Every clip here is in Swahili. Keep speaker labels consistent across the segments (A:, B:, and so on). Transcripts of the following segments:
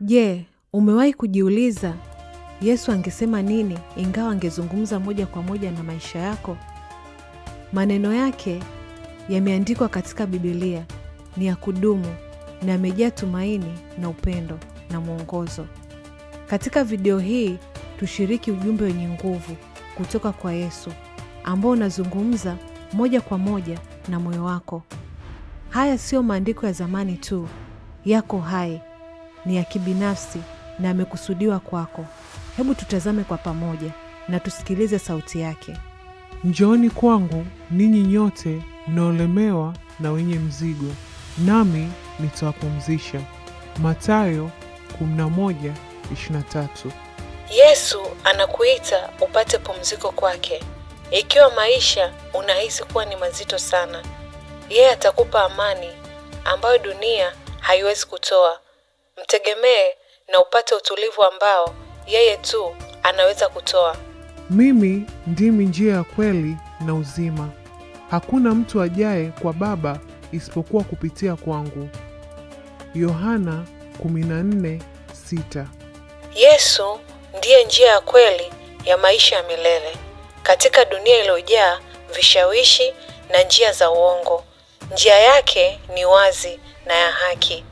A: Je, yeah, umewahi kujiuliza Yesu angesema nini ingawa angezungumza moja kwa moja na maisha yako? Maneno yake yameandikwa katika Biblia, ni ya kudumu na yamejaa tumaini na upendo na mwongozo. Katika video hii tushiriki ujumbe wenye nguvu kutoka kwa Yesu ambao unazungumza moja kwa moja na moyo wako. Haya siyo maandiko ya zamani tu, yako hai ni ya kibinafsi na amekusudiwa kwako. Hebu tutazame kwa pamoja na tusikilize sauti yake.
B: Njooni kwangu ninyi nyote mnaolemewa na wenye mzigo, nami nitawapumzisha. Mathayo 11:23.
C: Yesu anakuita upate pumziko kwake. Ikiwa maisha unahisi kuwa ni mazito sana, yeye atakupa amani ambayo dunia haiwezi kutoa. Mtegemee na upate utulivu ambao yeye tu anaweza kutoa.
B: Mimi ndimi njia ya kweli na uzima. Hakuna mtu ajaye kwa Baba isipokuwa kupitia kwangu. Yohana 14:6.
C: Yesu ndiye njia ya kweli ya maisha ya milele. Katika dunia iliyojaa vishawishi na njia za uongo, njia yake ni wazi na ya haki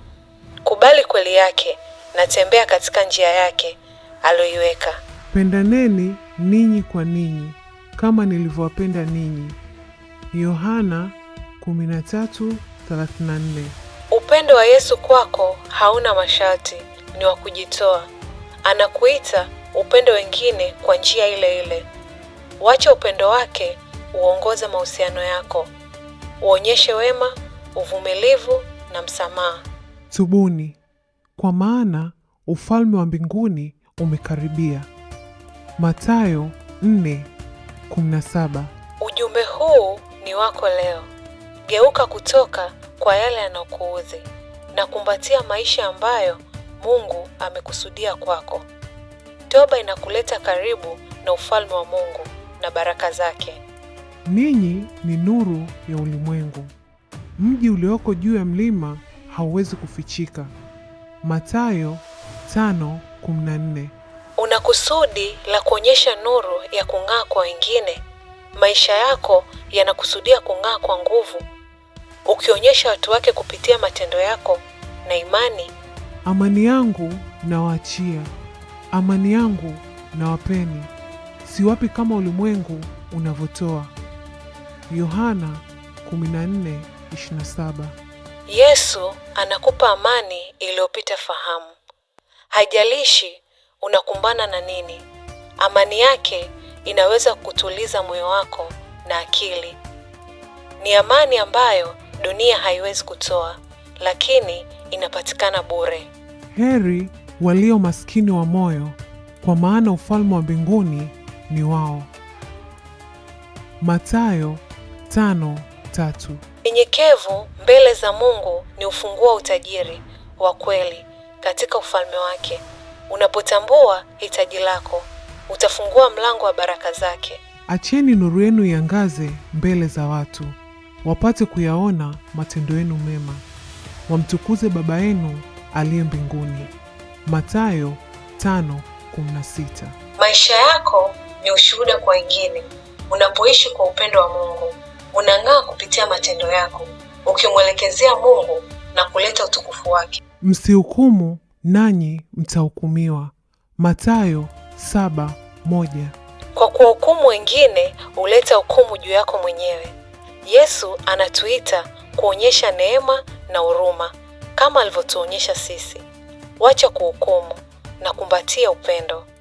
C: kubali kweli yake na tembea katika njia yake aliyoiweka.
B: Pendaneni ninyi kwa ninyi kama nilivyowapenda ninyi. Yohana 13:34.
C: Upendo wa Yesu kwako hauna masharti, ni wa kujitoa. Anakuita upendo wengine kwa njia ile ile. Wacha upendo wake uongoze mahusiano yako, uonyeshe wema, uvumilivu na msamaha.
B: Tubuni, kwa maana ufalme wa mbinguni umekaribia. Mathayo 4:17.
C: Ujumbe huu ni wako leo. Geuka kutoka kwa yale yanayokuudhi na kumbatia maisha ambayo Mungu amekusudia kwako. Toba inakuleta karibu na ufalme wa Mungu na baraka zake.
B: Ninyi ni nuru ya ulimwengu. Mji ulioko juu ya mlima hauwezi kufichika. Mathayo 5:14.
C: Una kusudi la kuonyesha nuru ya kung'aa kwa wengine. Maisha yako yanakusudia kung'aa kwa nguvu, ukionyesha watu wake kupitia matendo yako na imani.
B: Amani yangu nawaachia, amani yangu nawapeni, siwapi kama ulimwengu unavyotoa. Yohana 14:27.
C: Yesu anakupa amani iliyopita fahamu. Haijalishi unakumbana na nini, amani yake inaweza kutuliza moyo wako na akili. Ni amani ambayo dunia haiwezi kutoa, lakini inapatikana bure.
B: Heri walio maskini wa moyo, kwa maana ufalme wa mbinguni ni wao. Mathayo tano tatu.
C: Unyenyekevu mbele za Mungu ni ufunguo wa utajiri wa kweli katika ufalme wake. Unapotambua hitaji lako, utafungua mlango wa baraka zake.
B: Acheni nuru yenu iangaze mbele za watu, wapate kuyaona matendo yenu mema, wamtukuze Baba yenu aliye mbinguni. Mathayo 5:16.
C: Maisha yako ni ushuhuda kwa wengine unapoishi kwa upendo wa Mungu unang'aa kupitia matendo yako, ukimwelekezea Mungu na kuleta utukufu wake.
B: Msihukumu nanyi mtahukumiwa. matayo saba moja.
C: Kwa kuwahukumu wengine huleta hukumu juu yako mwenyewe. Yesu anatuita kuonyesha neema na huruma kama alivyotuonyesha sisi. Wacha kuhukumu na kumbatia upendo.